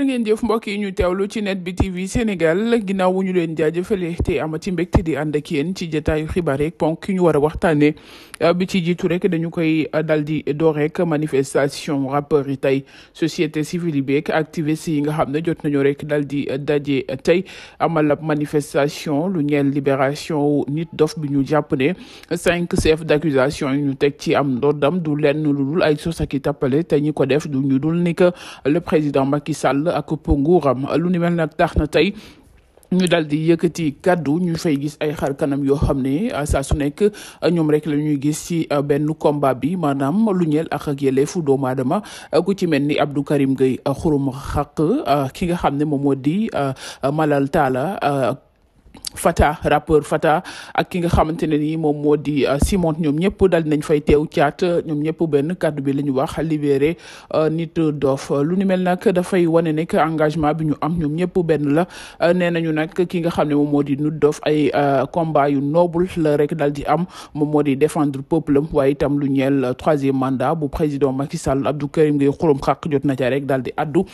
jërë ngeen jëf mbokk yi ñu teewlu ci net bi TV Sénégal ginnaaw wu ñu leen jaajëfale te amati mbégte di ànd ak yéen ci jotaayu xibaar rek ponk ki ñu war a waxtaanee euh, bi ci jiitu rek dañu koy euh, dal di door manifestation rappeurs tey société civile bi ak activiste yi nga xam ne jot nañu rek dal di euh, daje tey amal ab manifestation lu ñeel libération nit dof bi ñu jàpp ne cinq chefs d'accusation yi ñu teg ci am ndoddam du lenn lu dul ay sos ak i tappale te ñi ko def du ñu ak nguuram lu ni mel nag tax na tey ñu daal di yëkkati kàddu ñu fay gis ay xar kanam yoo xam ne saa su nekk ñoom rek la gis ci uh, benn combat bi maanaam lu ñeel ak ak yelleefu doomu aadama uh, ku ci mel ni Abdou Karim Gueye uh, xurum xaq ki nga xam ne moom moo di Malal Talla. Fata rappeur Fata ak ki nga xamante ne ni moom moo di euh, Simon ñoom ñëpp dal nañ fay teew caat euh, ñoom ñëpp benn kàddu bi la ñu wax libéré euh, nit doof lu ni mel nag dafay wane ne que engagement bi ñu am ñoom ñëpp benn la nee nañu nag ki nga xam ne moom moo di nit doof ay combat yu noble la rek dal di am mo moo di défendre peuple am waaye itam lu ñeel troisième mandat bu président Macky Sall Abdou Karim Gueye xurum xaq jot na ca rek dal di addu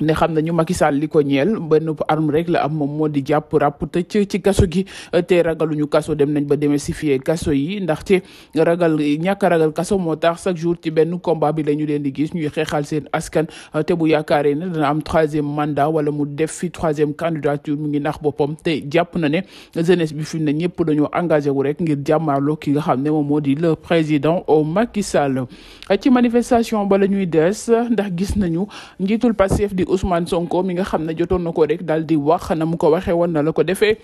ne xam nañu Macky Sall li ko ñeel benn arme rek la am moom moo di jàpp ràpp tëj ci kaso gi te ñu kaso dem nañ ba démystifier kaso ndax ndaxte ragal ñàkk a ragal kaso moo tax chaque jour ci benn combat bi la ñu leen di gis ñuy xeexal seen askan te bu yaakaaree ne dana am troisième mandat wala mu def fi troisième candidature mu ngi nax boppam te jàpp na ne jeunesse bi fi mu ne ñëpp dañoo engagé wu rek ngir jàmmaarloo ki nga xam ne moom moo di le président au Macky Sall ci manifestation ba ñuy des ndax gis nañu di Ousmane Sonko mi nga xam ne jotoon na ko rek daal di wax na mu ko waxee woon na la ko defee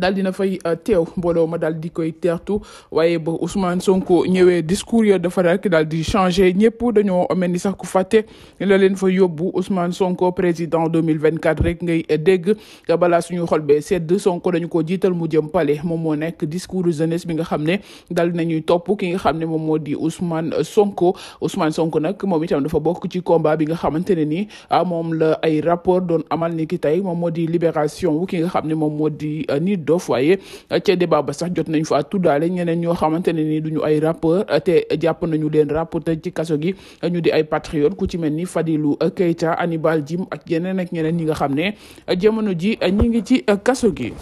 daal dina fay euh, teew mbooloo ma daal di koy teertu waaye ba Ousmane Sonko ñëwee discours ya dafa rek daal di changé ñëpp dañoo mel ni sax ku fàtte la leen fa yóbbu Ousmane Sonko président 2024 rek ngay euh, dégg balaa suñu xol bee sedd Sonko dañu ko jiital mu jëm palais moom moo nekk discours jeunesse bi nga xam ne daal dinañuy topp ki nga xam ne moom moo di Ousmane euh, Sonko Ousmane Sonko nag moom itam dafa bokk ci combat bi nga xamante ne moom la ay rapport doon amal ni ki tey moom moo di libération wu ki nga xam ne moom moo di euh, nit doof waaye euh, ca débat ba sax jot nañ fa tuddaale ñeneen ñoo xamante ne ni duñu ay rapport euh, te jàpp nañu leen rapport ci kaso gi ñu di ay patriote ku ci mel ni Fadilou Keita Hannibal Djim ak yeneen ak ñeneen ñi nga xam ne jamono ji ñi ngi ci kaso gi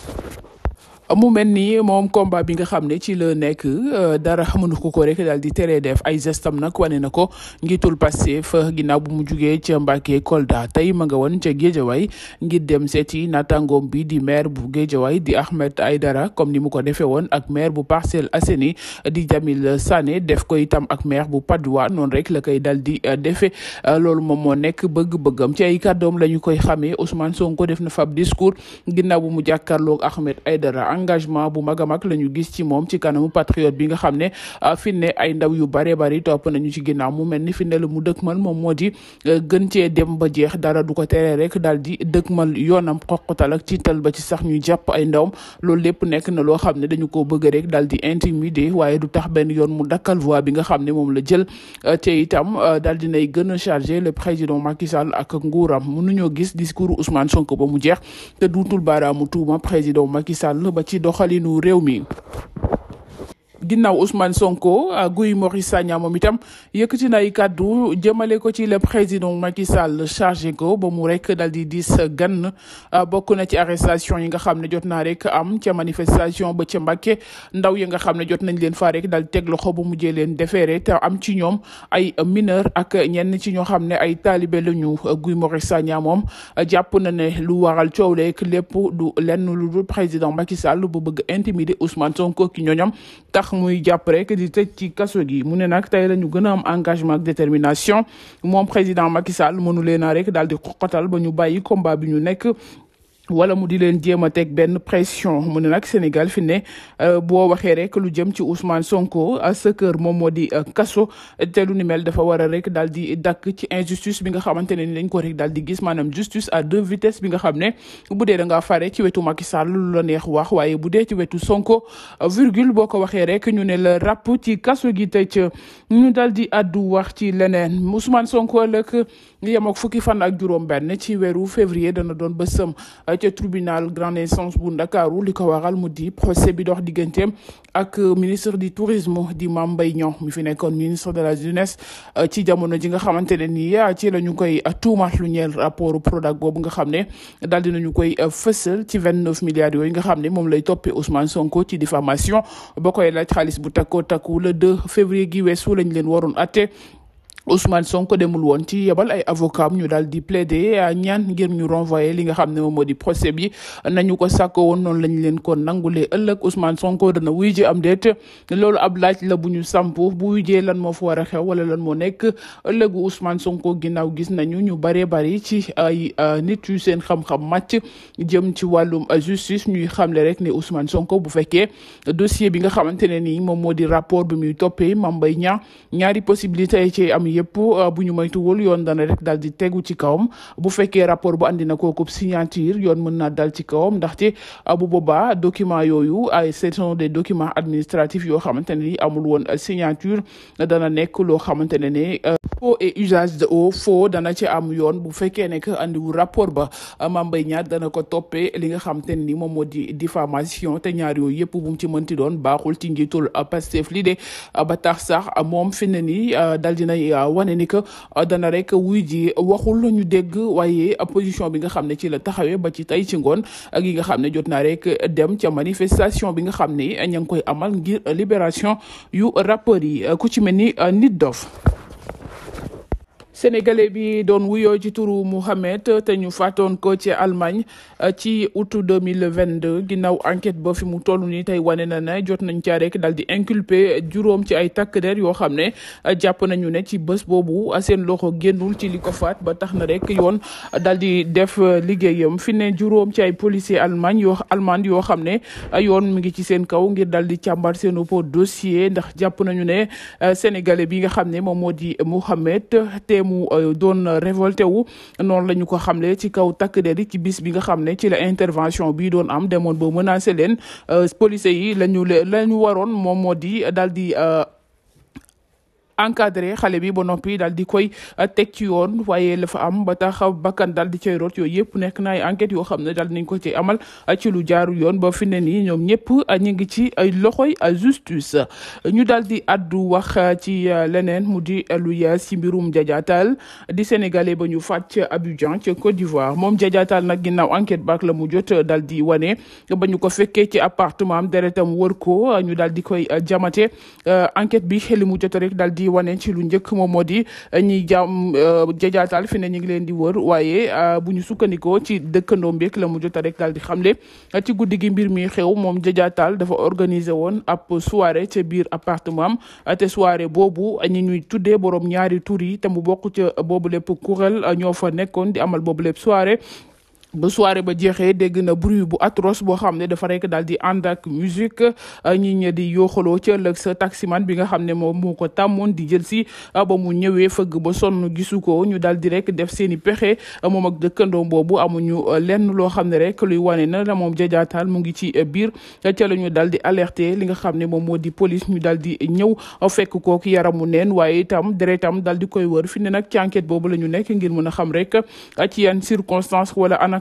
mu mel ni moom combat bi nga xam ne ci la nekk euh, dara xama nu ko ko rek daal di teree def ay gestam nag wane na ko ngitul Pastef euh, ginnaaw bu mu jugee ca Mbàkke Kolda tey ma nga woon ca Géejawaay ngir dem seeti naataangoom bi di maire bu Géejawaay di Ahmed dara comme ni mu ko defee woon ak maire bu Parcelles asseni di Jamil Sané def ko itam ak maire bu Patte d'Oie noonu rek la koy dal di euh, defee loolu moom moo nekk bëgg-bëggam ci ay kàddoom la ñu koy xamee Ousmane Sonko def na fab discours ginnaaw bu mu jàkkaarloog Ahmed Aïdara engagement bu mag a mag la ñu gis ci moom ci kanamu patriote bi nga xam ne ah, fi ne ay ndaw yu bare bari topp nañu ci ginnaaw mu mel ni fi ne la mu dëkkmal moom moo di eh, gën cee dem ba jeex dara du ko teree rek daal di dëkkmal yoonam xoqatal ak tiital ba ci sax ñu jàpp ay ndaw loolu lépp nekk na loo xam ne dañu koo bëgg rek daal di intimider waaye du tax benn yoon mu dakkal voix bi nga xam ne moom la jël eh, te itam eh, dal di nay gën a chargé le président Macky ak nguuram mënuñoo gis discours Ousmane Sonko ba mu jeex te duutul baaraamu tuuma président ci doxalinu réew mi ginnaaw Ousmane Sonko a Guy Marius Sagna moom itam yëkkati na ay kàddu jëmale ko ci le président Macky Sall chargé ko ba mu rek dal di dis gan ah, bokk na ci arrestation yi nga xam ne jot naa rek am ca manifestation ba ci Mbacké ndaw yi nga xam ne jot nañ leen fa rek dal teg loxo ba mujjee leen defeere te am ci ñoom ay mineur ak ñenn ci ñoo xam ne ay taalibe lañu ah, Guy Marius Sagna moom jàpp na ne lu waral coow leeg lépp du lenn lu dul président Macky Sall bu bëgg intimider Ousmane Sonko ñooñam muy jàpp rek di tëj ci kaso gi mu ne nag tey la ñu gën a am engagement ak détermination moom président Macky Sall mënu leen a rek daal di xoqatal ba ñu bàyyi combat bi ñu nekk wala mu di leen jéem a teg benn pression mu ne nag Sénégal fi ne euh, boo waxee rek lu jëm ci Ousmane Sonko euh, sa kër moom moo di euh, kaso te lu ni mel dafa war a rek daal di dakk ci injustice bi nga xamante ne ni ko rek daal di gis maanaam justice à deux vitesses bi nga xam ne bu dee da ngaa fare ci wetu Macky Sall lu la neex wax waaye bu dee ci wetu Sonko virgule boo ko waxee rek ñu ne la ràpp ci kaso gi tëj ñu daal di addu wax ci leneen Ousmane Sonko lëkk yem ak fukki fan ak juróom ci weeru février dana doon ba sëm ca tribunal grande instance bu ndakaaru li ko waral mu di procès bi dox digganteem ak ministre du tourisme di Mame Mbaye Niang mi fi nekkoon ministre de la jeunesse euh, ci jamono ji nga xamante ne nii euh, ci la ñu koy euh, tuumaat lu ñeel rapport Prodac boobu nga xam ne di nañu koy fësal ci vingt neuf milliards yooyu nga xam ne moom lay toppee Ousmane Sonko ci diffamation ba koy laaj xaalis bu takkoo takku le 2 février gi weesu lañ leen waroon atte Ousmane Sonko demul woon ci yebal ay avocat am daal di plaider eh, ñaan ngir ñu renvoyer li nga xam ne moom moo di procès bi nañu ko sàkko woon noonu lañ leen kon nangulee ëllëg Ousmane Sonko dana wuy ji am déet loolu ab laaj la bu ñu samp bu wujjee lan moo fa war a xew wala lan moo nekk ëllëgu Ousmane Sonko ginnaaw gis nañu ñu bare bari ci ay euh, nit yu seen xam-xam màcc jëm ci wàllum euh, justice xam le rek ne Ousmane Sonko bu fekkee dossier bi nga xamante ne nii moom moo di rapport bi muy toppee Mame Mbaye Niang ñaari possibilité yëpp euh, bu ñu moytuwul yoon dana rek daal di tegu ci kawam bu fekkee rapport bu andi na kooku signature yoon mën naa dal ci kawam ndaxte euh, bu boobaa document yooyu ay ce des documents administratifs yoo xamante ne ni amul woon signature dana nekk loo xamante ne ne dépôt et usage de eau foo dana ci am yoon bu fekkee ne que andiwu rapport ba Mame Mbaye dana ko toppee li nga xam te ni moom moo di diffamation te ñaar yooyu yëpp bu mu ci mënti doon baaxul ci njiitul Pastef li de ba tax sax moom fi ne nii euh, dal dinay euh, wane ni que euh, dana rek wuy ji waxul ñu dégg waaye position bi nga xam ne ci la taxawee ba ci tey ci ngoon ak yi nga xam ne jot naa rekk dem ca manifestation bi nga xam ni ña ngi koy amal ngir libération yu rappeurs yi ku ci mel ni nit dof sénégalais bi doon wuyoo ci turu Mouhamed te ñu fàttoon ko ci Allemagne euh, ci août 2022 ginnaaw enquête ba fi mu toll nii tey wane na ne jot nañ caa rek daal di inculpé juróom ci ay takk der yoo xam ne euh, jàpp nañu ne ci bés boobu euh, seen loxo génnul ci likofat ba tax na rek yoon daal di def liggéeyam fi ne juróom ci ay policier Allemagne yoo allemande yoo xam ne yoon mi ngi ci seen kaw ngir daal di càmbar seen po dossier ndax jàpp nañu ne sénégalais bi nga xam ne moom moo di Mouhamed te mu euh, doon révolté wu noonu la ko xamle ci kaw takk der yi ci bi nga xam ne ci la intervention bi doon am demoon ba menacé leen euh, policiers yi lañu la ñu waroon moom moo euh, encadré xale bi ba noppi daal di koy euh, teg ci yoon waaye lafa am ba tax bakkan daal di cay root yooyu yëpp nekk na ay enquêtes yoo xam ne daal nañ ko ci amal euh, ci lu jaaru yoon ba fi ne nii ñoom ñëpp euh, ñu ngi ci ay loxoy justice ñu daal di addu wax ci leneen mu di lu ya ci mbirum Djadia di sénégalais ba ñu faat ca Abidjan ca Côte d'Ivoire moom Djadia na nag ginnaaw enquête baak la mu jot daal di wane ba ñu ko fekkee ci appartement am deretam wër ko ñu daal di koy jamate enquête bi li mu jot rek daal di wane ci lu njëkk moom moo di eh, ñiy jàmm eh, jajaatal fi ne ñu ngi leen di wër waaye eh, bu ñu sukkandikoo ci dëkkandoo mbéeg la mu jota rek daal di xamle ci guddi gi mbir mi xew moom jajaatal dafa organiser woon ab soirée ca biir appartement am te soirée a ñi nuy tuddee borom ñaari tur yi te mu bokk ca boobu lépp kuréel ñoo fa nekkoon di amal boobu lépp soirée ba soirée ba jeexee dégg na bruit bu atroce boo xam ne dafa rek daal di ànd ak musique euh, ñi ñe di yooxaloo ci ëllëg sa taximan bi nga xam ne moom moo ko tàmmoon di jël si euh, ba mu ñëwee fëgg ba sonn gisu ko ñu daal di rek def seen i pexe euh, moom ak dëkkandoo boobu amuñu lenn loo xam ne rek luy wane na la moom jajaataan mu ngi ci biir ca la ñu daal di alerter li nga xam ne moom moo di police ñu daal di ñëw fekk kooku yaramu neen waaye itam deretam daal di koy wër fi ne nag ci enquête boobu la ñu nekk ngir mën a xam rek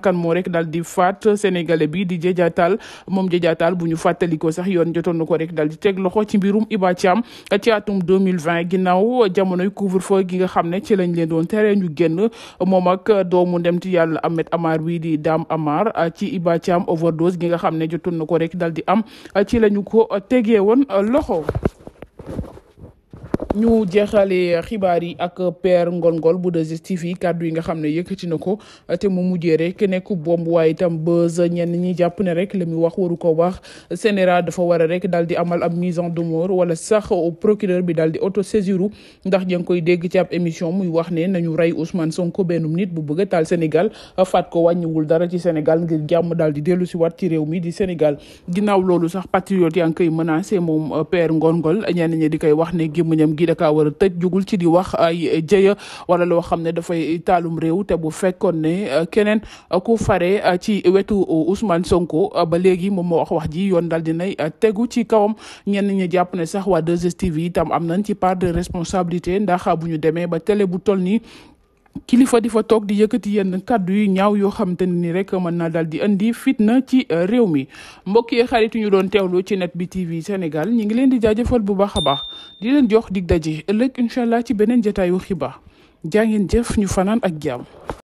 bakkan moo rek daal di faat sénégalais bi di Djedia moom Djedia Tall bu ñu fàttalikoo sax yoon jotoon na ko rek dal di teg loxo ci mbirum Iba Thiam ci atum 2020 ginnaaw jamonoy couvre-feu gi nga xam ne ci lañ leen doon tere ñu génn moom ak doomu dem ci yàlla Ahmed Amar wi di Dame Amar ci Iba Thiam overdose gi nga xam ne jotoon na ko rek daal di am ci lañu ko tegee woon loxo ñu jeexale xibaar yi ak père Ngol Ngol bu 2STV yi kàddu yi nga xam ne yëkkati na ko te mu mujjee rek nekk bomb waay tam bës ñenn ñi jàpp ne rek li mu wax waru ko wax CNRA dafa war rek daal di amal am mise en demeure wala sax procureur bi daal di auto saisiru ndax yaa ngi koy dégg ci ab émission muy wax ne nañu rey Ousmane Sonko bennum nit bu bëgg a taal Sénégal faat ko wàññiwul dara ci Sénégal ngir jàmm daal di dellu si waat ci réew mi di Sénégal ginnaaw loolu sax patriote yaa ngi koy menacé moom père wax ne da kaa war a jugul ci di wax ay jëya wala loo xam ne dafay taalum réew te bu fekkoon ne euh, keneen euh, ku fare euh, ci wetu Ousmane Sonko ba léegi moom moo wax wax ji yoon daal dinay tegu ci kawam ñenn ñi jàpp ne sax waa 2STV itam am nañ ci part de responsabilité ndax bu ñu demee ba télé bu toll nii kilifa di fa toog di yëkkati yenn kàddu yu ñaaw yoo xamante ne ni rek mën naa daal di indi fitna ci euh, réew mi mbokk yi xaritu ñu doon teewlu ci net bi TV Sénégal ñi ngi leen di jaajëfal bu baax a baax di leen jox dig daje ëllëg incha allah ci beneen jataayu xibaar jaa ngeen jëf ñu fanaan ak jaam